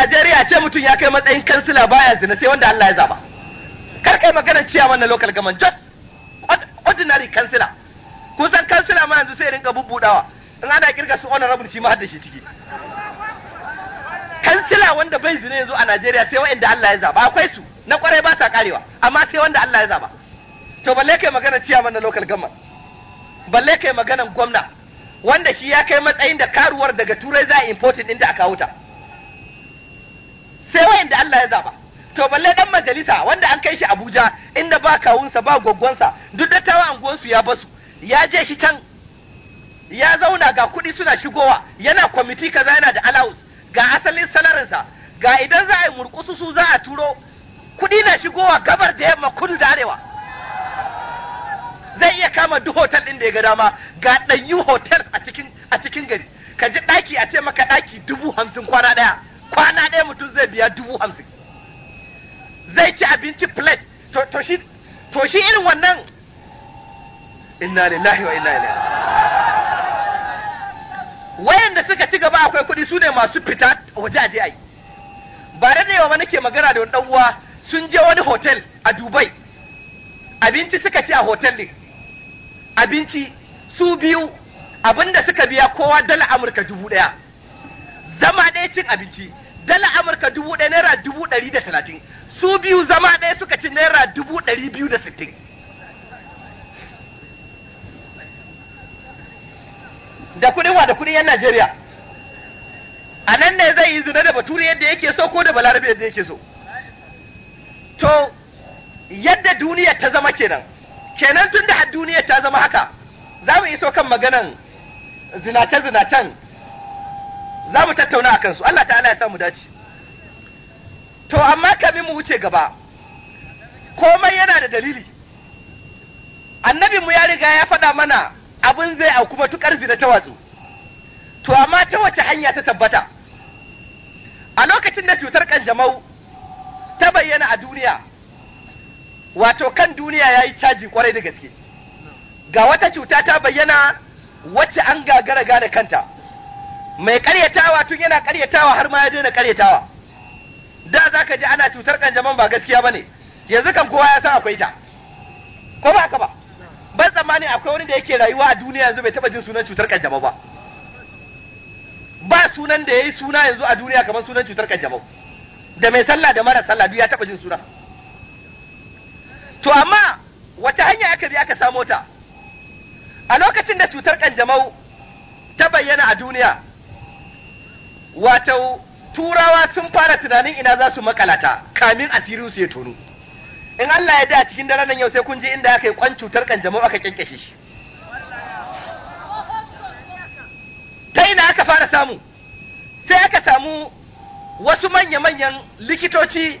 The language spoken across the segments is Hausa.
Najeriya ce mutum ya kai matsayin kansila baya zina sai wanda Allah ya zaba kar kai magana ciyaman na local government just ordinary kansila kusan kansila ma yanzu sai rinka bubbudawa in ana kirga su honorable shi ma hadda shi ciki kansila wanda bai zina yanzu a Najeriya sai wanda Allah ya zaba akwai su na kwarai ba sa karewa amma sai wanda Allah ya zaba to balle kai magana ciyaman na local government balle kai magana gwamna wanda shi ya kai matsayin da karuwar daga turai za a importin inda aka wuta sai wayanda Allah ya zaba to balle dan majalisa wanda an kai shi Abuja inda ba kawunsa ba gwaggwansa duk dattawan anguwansu ya basu ya je shi can ya zauna ga kuɗi suna shigowa yana kwamiti kaza yana da alaus ga asalin salarinsa ga idan za a yi murkusu su za a turo kuɗi na shigowa gabar da yamma kudu da arewa zai iya kama duk hotel din da ya ga dama ga ɗanyu hotel a cikin gari ka ji ɗaki a ce maka ɗaki dubu hamsin kwana ɗaya kwana ɗaya mutum zai biya dubu hamsin zai ci abinci plate to shi irin wannan inna lillahi wa inna ilaihi wayanda suka ci gaba akwai kuɗi su ne masu fita waje aje ai ba da yawa wani ke magana da wani uwa sun je wani hotel a dubai abinci suka ci a hotel ne abinci su biyu abinda suka biya kowa dala amurka dubu ɗaya zama ɗaya cin abinci dala amurka dubu ɗaya naira dubu ɗari da talatin su biyu zama ɗaya suka ci naira dubu ɗari biyu da sittin da kuɗin wa da kuɗin yan najeriya a nan ne zai yi zina da bature yadda yake so ko da balarabe yadda yake so to yadda duniya ta zama kenan kenan tun da duniya ta zama haka za mu iso kan maganan zinace-zinacen za mu tattauna a kansu Allah ta'ala ya samu dace to amma kamin mu wuce gaba komai yana da dalili mu ya riga ya faɗa mana abin zai auku matuƙar zina ta watsu to amma ta wace hanya ta tabbata a lokacin da cutar kanjamau ta bayyana a duniya wato kan duniya ya yi caji kwarai da gaske ga wata cuta ta bayyana wacce an gagara gane kanta mai karyatawa tun yana karyatawa har ma ya daina karyatawa da za ka ji ana cutar kanjaman ba gaskiya ba ne yanzu kan kowa ya san akwai ta ko ba ka ba ban tsammani akwai wani da yake rayuwa a duniya yanzu bai taba jin sunan cutar kanjamau ba ba sunan da ya yi suna yanzu a duniya kamar sunan cutar kanjamau da mai sallah da mara sallah duk ya taba jin suna to amma wace hanya aka bi aka samo ta a lokacin da cutar kanjamau ta bayyana a duniya wato turawa sun fara tunanin ina za su makalata kamin asirin su ya tono in Allah ya da cikin daren nan yau sai kun ji inda aka yi kwan cutar kanjamau aka kyankyashe shi ta ina aka fara samu sai aka samu wasu manya-manyan likitoci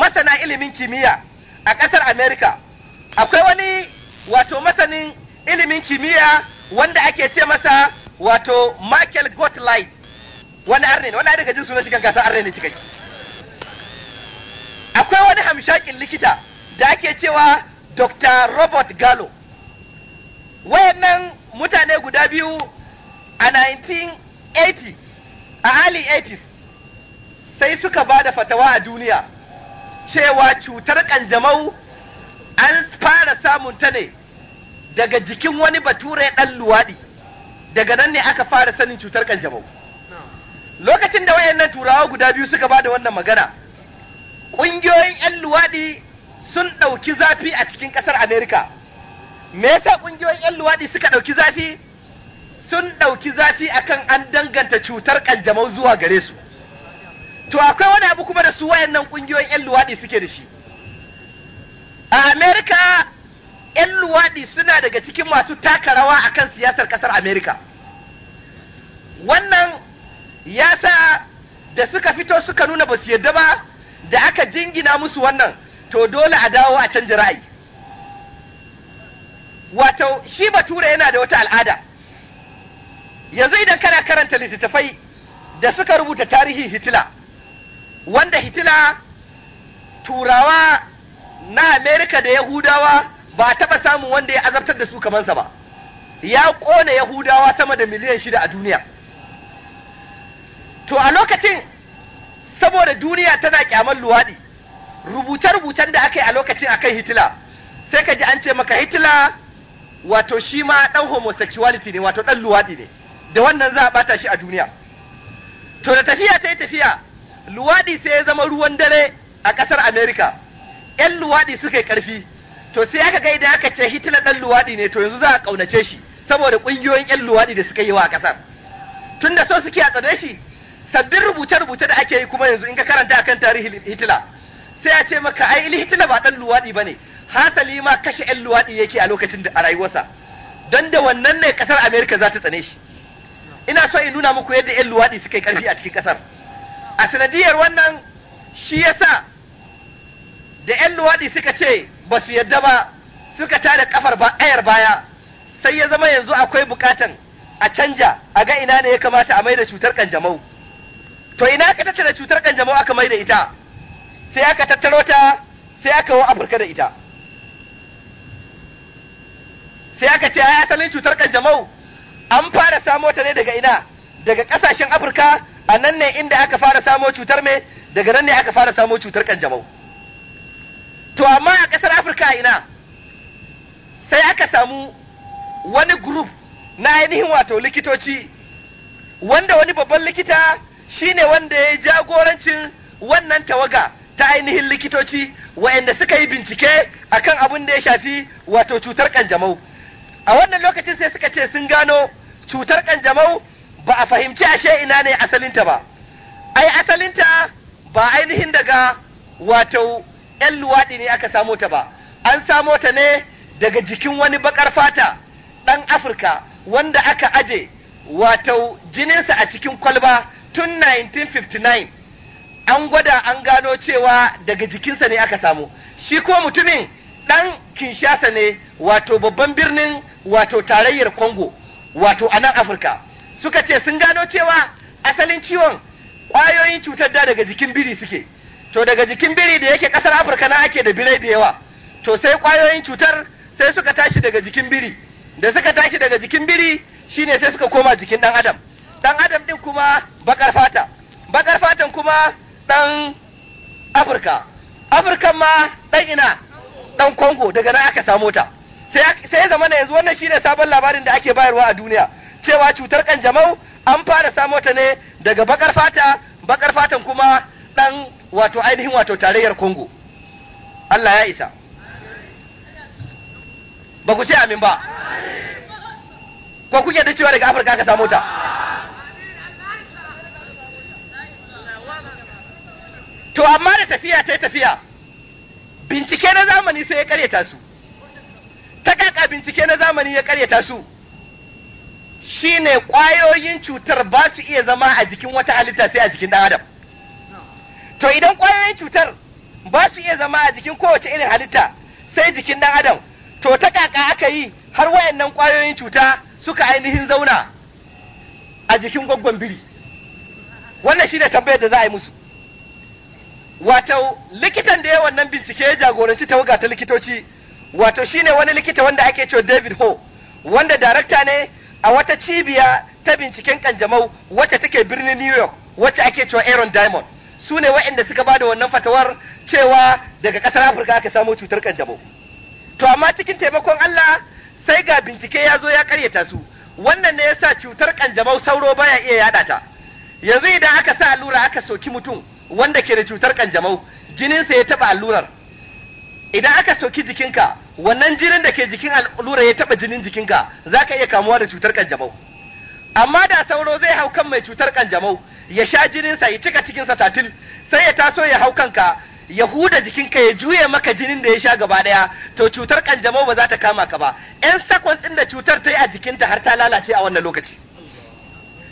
masana ilimin kimiyya a ƙasar amerika akwai wani wato masanin ilimin kimiyya wanda ake ce masa wato michael gottlieb wani arne ne wani daga suna shi arne ne cikai akwai wani hamshakin likita da ake cewa dr robert gallo wayannan mutane guda biyu a 1980 a early 80s sai suka ba da fatawa a duniya cewa cutar kanjamau an fara samun ta ne daga jikin wani bature ɗan luwaɗi daga nan ne aka fara sanin cutar kanjamau lokacin da wayannan turawa guda biyu suka ba da wannan magana ƙungiyoyin 'yan luwaɗi sun ɗauki zafi a cikin ƙasar amerika me yasa ƙungiyoyin 'yan luwaɗi suka ɗauki zafi sun ɗauki zafi akan an danganta cutar ƙanjamau zuwa gare su to akwai wani abu kuma da su wayannan ƙungiyoyin 'yan luwaɗi suke da shi a amerika 'yan luwaɗi suna daga cikin masu taka rawa akan siyasar ƙasar amerika wannan ya sa da suka fito suka nuna ba su yadda ba da aka jingina musu wannan to dole a dawo a canja ra'ayi wato shi bature yana da wata al'ada yanzu idan kana karanta littattafai da suka rubuta tarihin hitila wanda hitila turawa na amerika da yahudawa ba taɓa samun wanda ya azabtar da su kamansa ba ya ƙone yahudawa sama da miliyan shida a duniya to a lokacin saboda duniya tana kyamar luwaɗi rubuce-rubucen da aka yi a lokacin a kan hitila sai ka ji an ce maka hitila wato shi ma ɗan homosexuality ne wato ɗan luwaɗi ne da wannan za a ɓata shi a duniya to da tafiya ta yi tafiya luwaɗi sai ya zama ruwan dare a ƙasar america 'yan luwaɗi suka yi ƙarfi to sai aka ga idan aka ce hitila ɗan luwaɗi ne to yanzu za a ƙaunace shi saboda ƙungiyoyin 'yan luwaɗi da suka yi wa a ƙasar tun so suke a tsare shi sabbin rubuce-rubuce da ake yi kuma yanzu in ka karanta akan tarihin hitila sai ya ce maka ai hitila ba dan luwaɗi ba ne hasali ma kashe 'yan luwaɗi yake a lokacin da a rayuwarsa don da wannan ne kasar amerika za ta tsane shi ina so in nuna muku yadda 'yan luwaɗi suka yi ƙarfi a cikin kasar a sanadiyar wannan shi yasa da 'yan luwaɗi suka ce ba su yadda ba suka ta da kafar ba ayar baya sai ya zama yanzu akwai bukatan a canja a ga ina ne ya kamata a mai da cutar kanjamau to ina ka tattara cutar kanjamau aka mai da ita sai aka tattaro ta sai aka wa afirka da ita sai aka ce ai asalin cutar kanjamau an fara samo ta ne daga ina daga kasashen afirka a nan ne inda aka fara samo cutar me daga nan ne aka fara samo cutar kanjamau to amma a kasar afirka a ina sai aka samu wani group na ainihin wato likitoci wanda wani babban likita Shi ne wanda ya yi jagorancin wannan tawaga ta ainihin likitoci waɗanda suka yi bincike akan abin da ya shafi wato cutar kanjamau a wannan lokacin sai suka ce sun gano cutar kanjamau ba a fahimci ashe ina ne asalinta ba ai asalinta ba ainihin daga wato 'yan luwaɗi ne aka samo ta ba an samo ta ne daga jikin wani bakar fata ɗan afirka wanda aka aje wato jininsa a cikin kwalba tun 1959 an gwada an gano cewa daga jikinsa ne aka samu shi ko mutumin dan kinshasa ne wato babban birnin wato tarayyar congo wato a nan afirka suka ce sun gano cewa asalin ciwon kwayoyin cutar da daga jikin biri suke to daga jikin biri da yake kasar afirka na ake da birai da yawa to sai kwayoyin cutar sai suka tashi daga jikin biri da suka tashi daga jikin biri shine sai suka koma jikin ɗan adam dan adam din kuma bakar fata bakar fatan kuma dan afirka afirkan ma dan ina dan kongo daga nan aka samo ta sai ya zama na yanzu wannan shine sabon labarin da ake bayarwa a duniya cewa cutar kanjamau an fara samo ta ne daga bakar fata bakar fatan kuma dan wato ainihin wato tarayyar kongo allah ya isa ba ku ce amin ba ko kun da cewa daga afirka aka samo ta to amma da tafiya ta tafiya bincike na zamani sai ya karyata su ta kaka bincike na zamani ya karyata su shine kwayoyin cutar ba su iya zama a jikin wata halitta sai a jikin ɗan adam to idan kwayoyin cutar ba su iya zama a jikin kowace irin halitta sai jikin ɗan adam to ta kaka aka yi har wayannan kwayoyin cuta suka ainihin zauna a jikin gwaggon biri wannan shine tambayar da za a yi musu wato likitan da ya wannan bincike ya jagoranci tawaga ta likitoci wato shine wani likita wanda ake cewa David Ho wanda darakta ne a wata cibiya ta binciken kanjamau wacce take birnin New York wacce ake cewa Aaron Diamond su ne waɗanda suka bada wannan fatawar cewa daga ƙasar Afirka aka samo cutar kanjamau to amma cikin taimakon Allah sai ga bincike ya zo ya karyata su wannan ne yasa cutar kanjamau sauro baya iya yada ta yanzu idan aka sa allura aka soki mutum wanda ke da cutar kanjamau jininsa ya taɓa allurar idan aka soki jikinka wannan jinin da ke jikin allurar ya taɓa jinin jikinka za ka iya kamuwa da cutar kanjamau amma da sauro zai hau kan mai cutar kanjamau ya sha jininsa ya cika cikinsa tatil sai ya taso ya hau kanka ya huda jikinka ya juye maka jinin da ya sha gaba daya to cutar kanjamau ba za ta kama ka ba 'yan sakon tsin da cutar ta yi a jikinta har ta lalace a wannan lokaci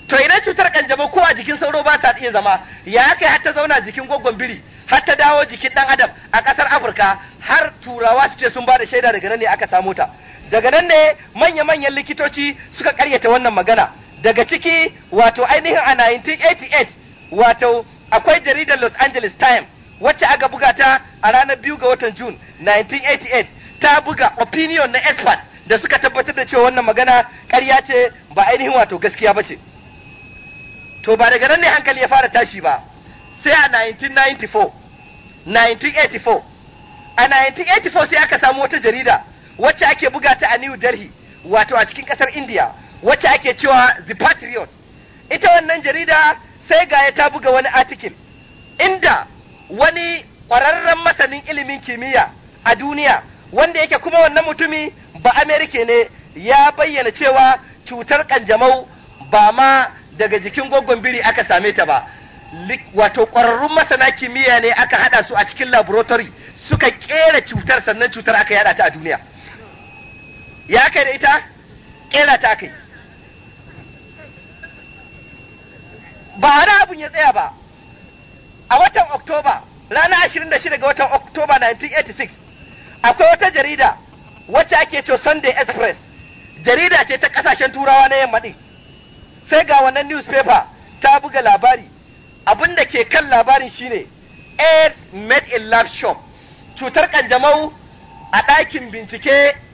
to ina cutar kanjamau ko a jikin sauro ba ta iya zama ya kai har ta zauna jikin gwaggon biri har ta dawo jikin dan adam a kasar afirka har turawa su ce sun ba da shaida daga nan ne aka samo ta daga nan ne manya-manyan likitoci suka karyata wannan magana daga ciki wato ainihin a 1988 wato akwai jaridar los angeles time wacce aka buga ta a ranar biyu ga watan jun 1988 ta buga opinion na expert da suka tabbatar da cewa wannan magana karya ce ba ainihin wato gaskiya ba ce to ba daga nan ne hankali ya fara tashi ba sai a 1994 1984 a 1984 sai aka samu wata jarida wacce ake buga ta a New Delhi wato a cikin kasar India wacce ake cewa The Patriot ita wannan jarida sai ya ta buga wani article inda wani ƙwararren masanin ilimin kimiyya a duniya wanda yake kuma wannan mutumi ba Amerika ne ya bayyana cewa cutar kanjamau ba ma daga jikin gwaggon biri aka same ta ba wato ƙwararrun masana kimiyya ne aka haɗa su a cikin laboratory suka ƙera cutar sannan cutar aka yaɗa ta a duniya ya kai da ita ƙera ta kai ba hana abin ya tsaya ba a watan oktoba ranar 26 ga watan oktoba 1986 akwai wata jarida wacce ake co sunday express jarida ce ta ƙasashen turawa na yamma ɗin sai ga wannan newspaper ta buga labari abin da ke kan labarin shine aids made in lab shop cutar kanjamau a ɗakin bincike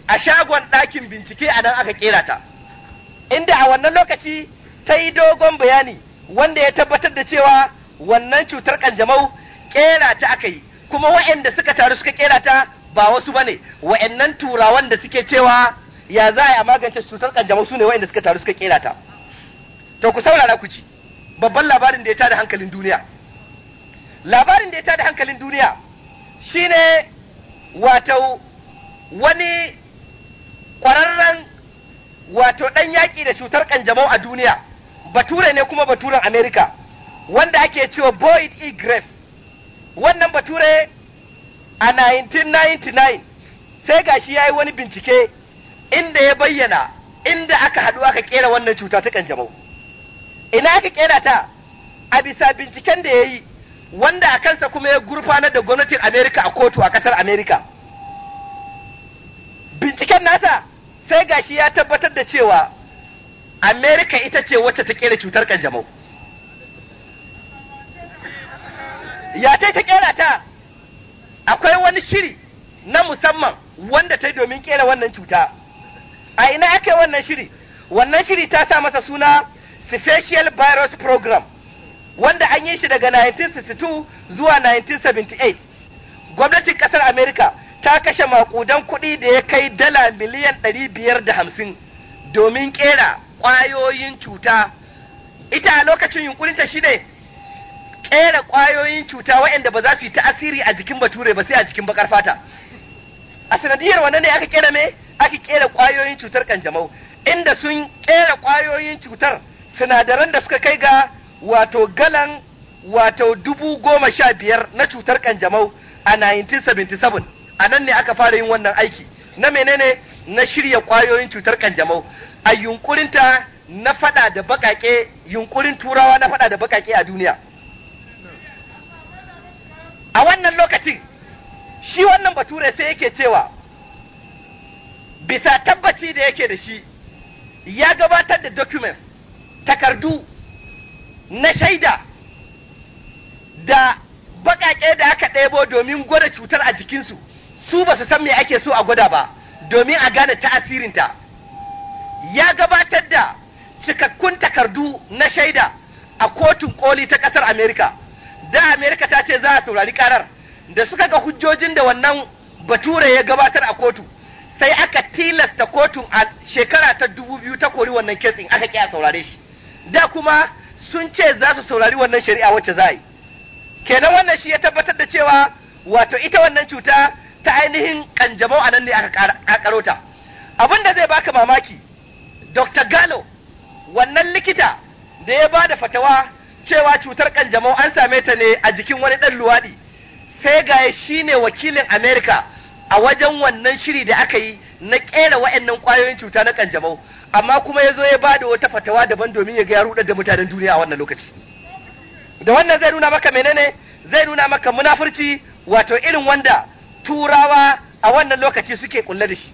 a shagon ɗakin bincike a nan aka kera ta inda a wannan lokaci ta yi dogon bayani wanda ya tabbatar da cewa wannan cutar kanjamau kera ta aka yi kuma wa'anda suka taru suka kera ta ba wasu ba ne wa'annan turawan da suke cewa ya za a magance cutar kanjamau su ne wa'anda suka taru suka kera ta to ku saurara ku ji babban labarin da ya tada hankalin duniya labarin da ya tada hankalin duniya shine wato wani kwararren wato ɗan yaƙi da cutar ƙanjamau a duniya bature ne kuma baturen amerika wanda ake cewa boyd e graves wannan bature a 1999 sai gashi ya yi wani bincike inda ya bayyana inda aka haɗu aka ƙera wannan cuta ta ƙanjamau ina aka kera ta a bisa binciken da ya yi wanda a kansa kuma ya gurfanar da gwamnatin amerika a kotu a kasar amerika binciken nasa sai gashi ya tabbatar da cewa amerika ita ce wacce ta kera cutar kanjamau ya ta ta kera ta akwai wani shiri na musamman wanda ta yi domin kera wannan cuta a ina aka yi wannan shiri wannan shiri ta sa masa suna special virus program wanda an yi shi daga 1962 zuwa 1978 gwamnatin kasar america ta kashe makudan kudi da ya kai dala miliyan 550 domin kera ƙwayoyin cuta ita a lokacin yunkurinta shine kera ƙwayoyin cuta waɗanda ba za su yi ta'asiri a jikin bature ba sai a jikin bakar fata a sanadiyar wannan ne aka kera me aka kera ƙwayoyin cutar kanjamau inda sun kera kwayoyin cutar sinadaran da suka kai ga wato galan wato dubu goma sha biyar na cutar kanjamau a 1977 a nan ne aka fara yin wannan aiki na menene na shirya kwayoyin cutar kanjamau a yunkurinta na fada da bakake yunkurin turawa na fada da bakake a duniya a wannan lokacin shi wannan bature sai yake cewa bisa tabbaci da yake da shi ya gabatar da documents takardu na shaida da baƙaƙe da aka ɗebo domin gwada cutar a jikinsu su ba su san me ake so a gwada ba domin a gane ta'asirinta ya gabatar da cikakkun takardu na shaida a kotun koli ta ƙasar amerika da amerika ta ce za a saurari karar da suka ga hujjojin da wannan bature ya gabatar a kotu sai aka tilasta kotun a shekara ta dubu biyu ta kori wannan ketsin aka ƙi a saurare shi da kuma sun ce za su saurari wannan shari'a wacce za yi kenan wannan shi ya tabbatar da cewa wato ita wannan cuta ta ainihin kanjamau a nan ne aka karo ta abin da zai baka mamaki dr gallo wannan likita da ya ba da fatawa cewa cutar kanjamau an same ta ne a jikin wani ɗan luwaɗi sai gaya shi ne wakilin amerika a wajen wannan shiri da aka yi na ƙera wa'annan ƙwayoyin cuta na kanjamau amma kuma ya zo ya ba da wata fatawa daban domin ya ga ya rudar da mutanen duniya a wannan lokaci da wannan zai nuna maka menene zai nuna maka munafurci wato irin wanda turawa a wannan lokaci suke kulle da shi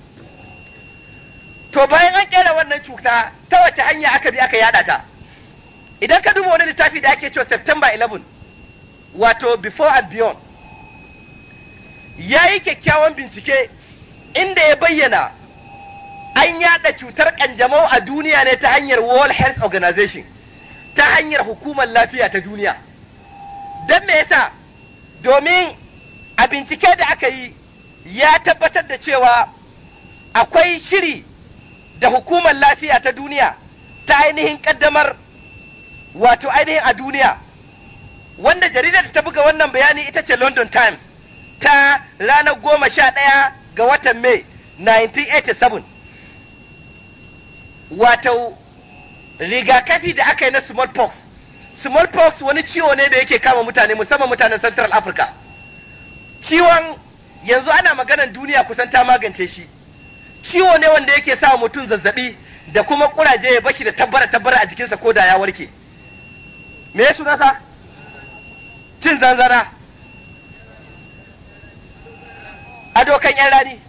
to bayan an kera wannan cuta ta wace hanya aka bi aka yada ta idan ka duba wani littafi da ake cewa september 11 wato before and beyond ya yi kyakkyawan bincike inda ya bayyana an yaɗa cutar ƙanjamau a duniya ne ta hanyar World Health Organization ta hanyar hukumar lafiya ta duniya don me yasa domin a bincike da aka yi ya tabbatar da cewa akwai shiri da hukumar lafiya ta duniya ta ainihin ƙaddamar wato ainihin a duniya wanda jaridar ta buga wannan bayani ita ce London Times ta ranar goma sha ɗaya ga watan Mai 1987 wato rigakafi da aka yi na smallpox smallpox wani ciwo ne da yake kama mutane musamman mutanen central africa ciwon yanzu ana maganan duniya kusan ta magance shi ciwo ne wanda yake sa mutum zazzabi da kuma kuraje ya bashi da tabbara tabbara a jikinsa ko da ya warke me ya sunansa cin zanzara? a dokan yan rani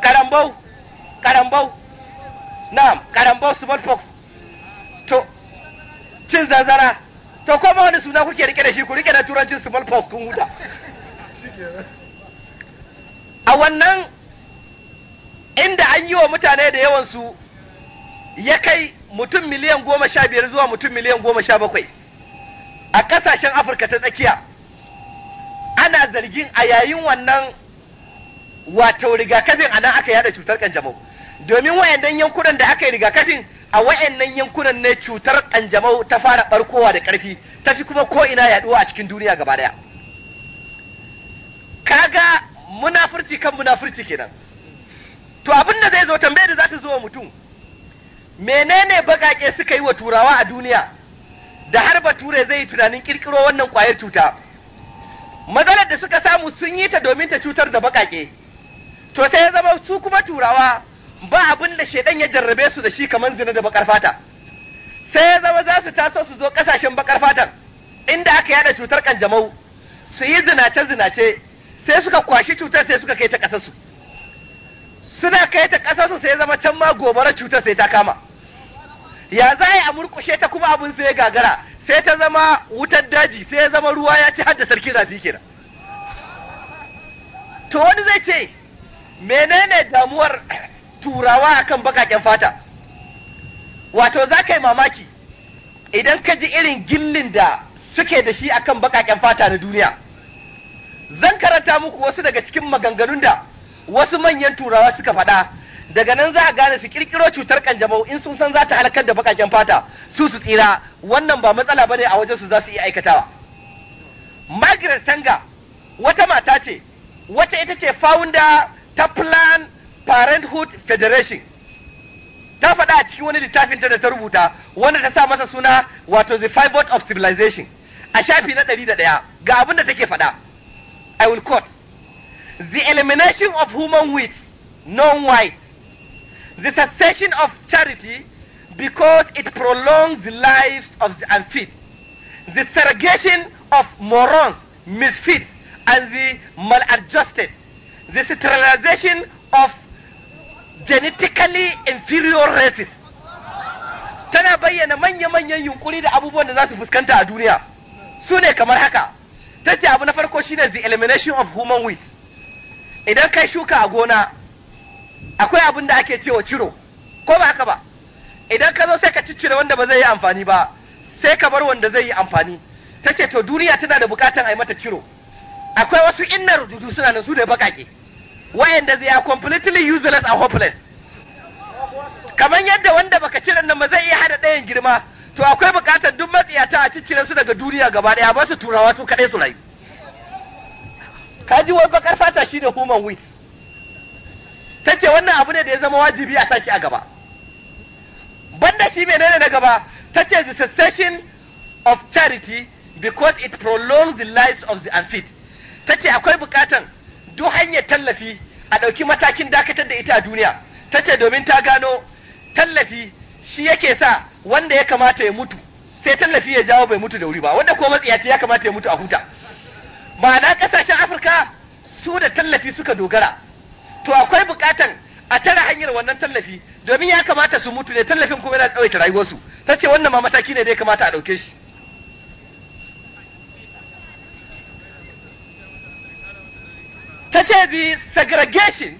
karambau karambau na'am karambau fox to cin zanzara to koma wani suna kuke rike da shi ku rike da turancin fox kun huta a wannan inda an yi wa mutane da yawansu ya kai mutum miliyan goma sha biyar zuwa mutum miliyan goma sha bakwai a kasashen afirka ta tsakiya ana zargin a yayin wannan wato rigakafin a nan aka yada cutar kanjamau domin wayannan yankunan da aka yi rigakafin a wayannan yankunan ne cutar kanjamau ta fara barkowa da karfi tafi kuma ko ina yaduwa a cikin duniya gaba daya kaga munafurci kan munafurci kenan to abin da zai zo tambayar da za ta zo wa mutum menene bakake suka yi wa turawa a duniya da har bature zai yi tunanin kirkiro wannan kwayar cuta matsalar da suka samu sun yi ta domin ta cutar da bakake to sai ya zama su kuma turawa ba abin da shaidan ya jarrabe su da shi kamar zina da bakar fata sai ya zama za su taso su zo kasashen bakar fatan inda aka yada cutar kanjamau su yi zinace zinace sai suka kwashi cutar sai suka kai ta kasarsu suna kai ta kasarsu sai ya zama can ma gobara cutar sai ta kama ya za a murkushe ta kuma abin sai gagara sai ta zama wutar daji sai ya zama ruwa ya ci hadda sarki zafi kenan to wani zai ce menene damuwar turawa akan bakaken fata wato za ka yi mamaki idan ka ji irin gillin da suke da shi akan bakaken fata na duniya zan karanta muku wasu daga cikin maganganun da wasu manyan turawa suka faɗa daga nan za a gane su kirkiro cutar kanjamau in sun san za ta halakar da bakaken fata su su tsira wannan ba matsala bane a wajen su za su iya aikatawa Margaret Sanga wata mata ce wata ita ce founder ta Plan Parenthood Federation ta faɗa a cikin wani littafin ta da ta rubuta wanda ta sa masa suna wato the five words of civilization a shafi na ɗari da ɗaya ga abin da take faɗa I will quote the elimination of human wits non-whites the cessation of charity because it prolongs the lives of the unfit the segregation of morons misfits and the maladjusted the sterilization of genetically inferior races tana bayyana manya-manyan yunkuri da abubuwan da za su fuskanta a duniya su ne kamar haka ta ce abu na farko shine the elimination of human wheat idan kai shuka a gona akwai abin da ake cewa ciro ko ba haka ba idan ka zo sai ka ciccire wanda ba zai yi amfani ba sai ka bar wanda zai yi amfani ta ce to duniya tana da bukatan a yi mata ciro akwai wasu inna rududu suna nan su da bakake wayanda they are completely useless and hopeless kamar yadda wanda baka cire nan ba zai iya hada ɗayan girma to akwai bukatar duk matsiyata a ciccire su daga duniya gaba daya ba su turawa su kaɗai su rayu kaji wai bakar fata shi da human wit ta ce wannan abu ne da ya zama wajibi a sashi a gaba banda shi menene na gaba ta ce the cessation of charity because it prolongs the lives of the unfit ta ce akwai bukatan duk hanyar tallafi a ɗauki matakin dakatar da ita a duniya ta ce domin ta gano tallafi shi yake sa wanda ya kamata ya mutu sai tallafi ya jawo bai mutu da wuri ba wanda ko matsiyaci ya kamata ya mutu a huta ma'ana ƙasashen afirka su da tallafi suka dogara to akwai buƙatan a tara hanyar wannan tallafi domin ya kamata su mutu ne tallafin kuma yana tsawaita rayuwarsu ta ce wannan ma mataki ne da ya kamata a ɗauke shi ta ce the segregation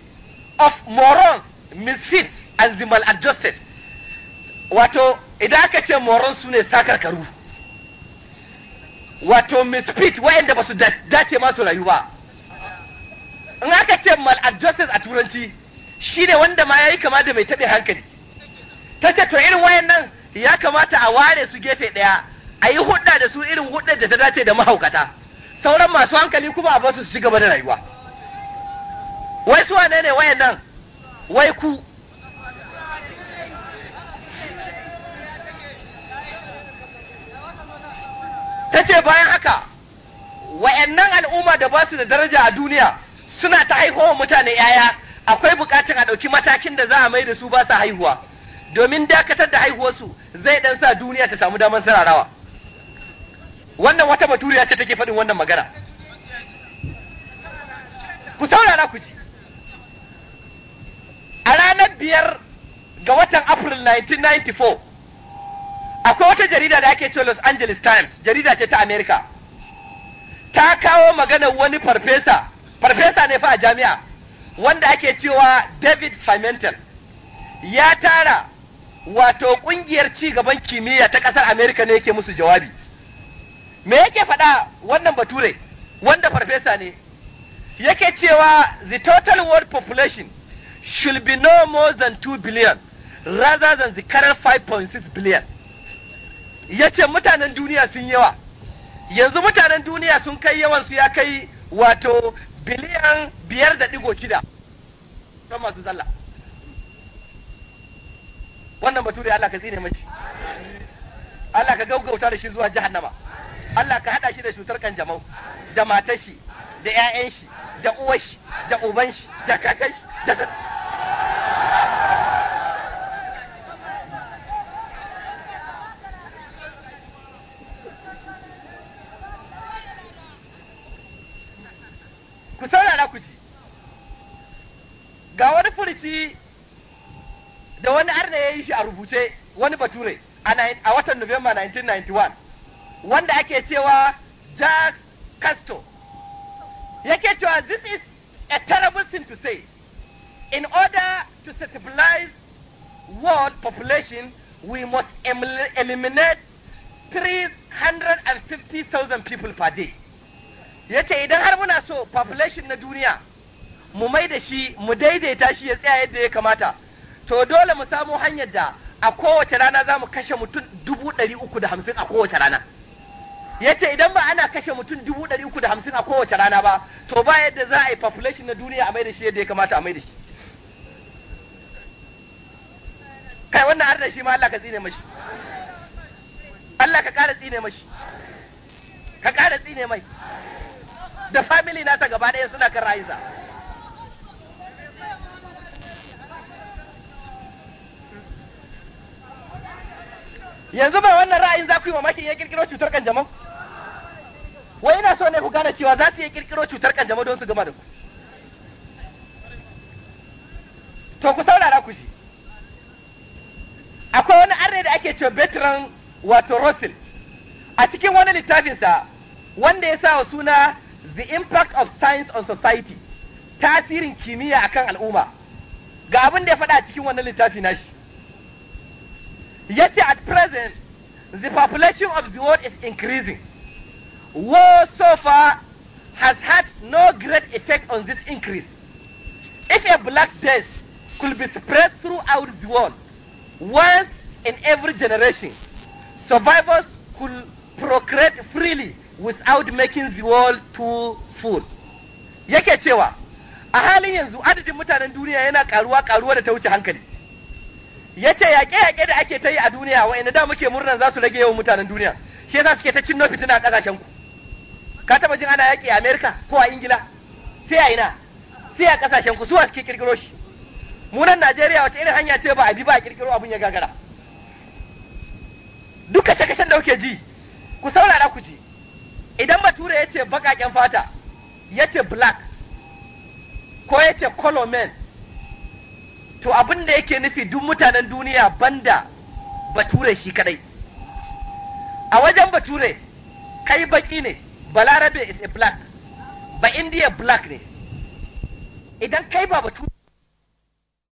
of morons misfits and the maladjusted wato idan aka ce morons su ne sakarkaru wato misfit waɗanda ba su dace masu rayuwa in aka ce maladjusted a turanci shi ne wanda ma ya yi kama da mai taɓe hankali ta ce to irin wayan nan ya kamata a ware su gefe ɗaya a yi hudda da su irin hudda da ta dace da mahaukata sauran masu hankali kuma a basu su ci gaba da rayuwa wai su wane ne wayan nan wai ku ta ce bayan haka wayannan al'umma da ba su da daraja a duniya suna ta haihuwa mutane yaya akwai bukacin a ɗauki matakin da za a mai da su ba sa haihuwa domin dakatar da haihuwarsu zai ɗan sa duniya ta samu damar sararawa wannan wata baturiya ce take faɗin wannan magana ku saurara ku ji a ranar biyar ga watan april 1994 akwai wata jarida da ake cewa los angeles times jarida ce ta america ta kawo maganar wani farfesa farfesa ne fa a jami'a wanda ake cewa david pimentel ya tara wato kungiyar ci gaban kimiyya ta kasar america ne yake musu jawabi me yake faɗa wannan bature wanda farfesa ne yake cewa the total world population should be no more than 2 billion rather than the current 5.6 billion ya ce mutanen duniya sun yawa yanzu mutanen duniya sun kai yawansu ya kai wato biliyan biyar da digo shida don masu zalla. wannan bature Allah ka tsine mashi Allah ka gaugauta da shi zuwa jahannama Allah ka hada shi da cutar kanjamau da matashi da 'ya'yan shi da uwashi da uban shi da kakan shi da hadisi da wani arna ya yi shi a rubuce wani bature a watan November 1991 wanda ake cewa Jacques Casto yake cewa this is a terrible thing to say in order to stabilize world population we must eliminate 350,000 people per day yace idan har muna so population na duniya mu mai da shi mu daidaita shi ya tsaya yadda ya kamata to dole mu samu hanyar da a kowace rana za mu kashe mutum dubu ɗari uku da hamsin a kowace rana ya ce idan ba ana kashe mutum dubu ɗari uku da hamsin a kowace rana ba to ba yadda za a yi population na duniya a mai da shi yadda ya kamata a mai da shi kai wannan har da shi ma Allah ka tsine mashi Allah ka ƙara tsine mashi ka ƙara tsine mai da family na ta gaba ɗaya suna kan rayuwa yanzu ba wannan ra'ayin za ku yi mamakin ya kirkiro cutar kanjamau wai ina so ne ku gane cewa za su iya kirkiro cutar kanjamau don su gama da ku to ku saurara ku shi akwai wani arne da ake cewa betran wato russell a cikin wani littafinsa wanda ya sa wa suna the impact of science on society tasirin kimiyya akan al'umma ga abin da ya faɗa a cikin wannan littafi nashi Yet at present the population of the world is increasing war so far has had no great effect on this increase if a black death could be spread throughout the world once in every generation survivors could procreate freely without making the world too full yake cewa a halin yanzu adadin mutanen duniya yana karuwa karuwa da ta wuce hankali yace yaƙe yaƙe da ake ta yi a duniya ina da muke murnan za su rage yawan mutanen duniya shi yasa suke ta cin fitina a ƙasashen ku ka taɓa jin ana yaƙi a Amerika ko a Ingila sai a ina sai a ƙasashen ku suwa suke ƙirƙiro shi munan Najeriya wace irin hanya ce ba a bi ba a ƙirƙiro abun ya gagara duk kashe-kashen da kuke ji ku saurara ku ji idan bature ya ce baƙaƙen fata yace ce black ko yace ce color man to abin da yake nufi duk mutanen duniya banda bature shi kadai a wajen bature kai baki ne balarabe is a black ba india black ne idan kai ba bature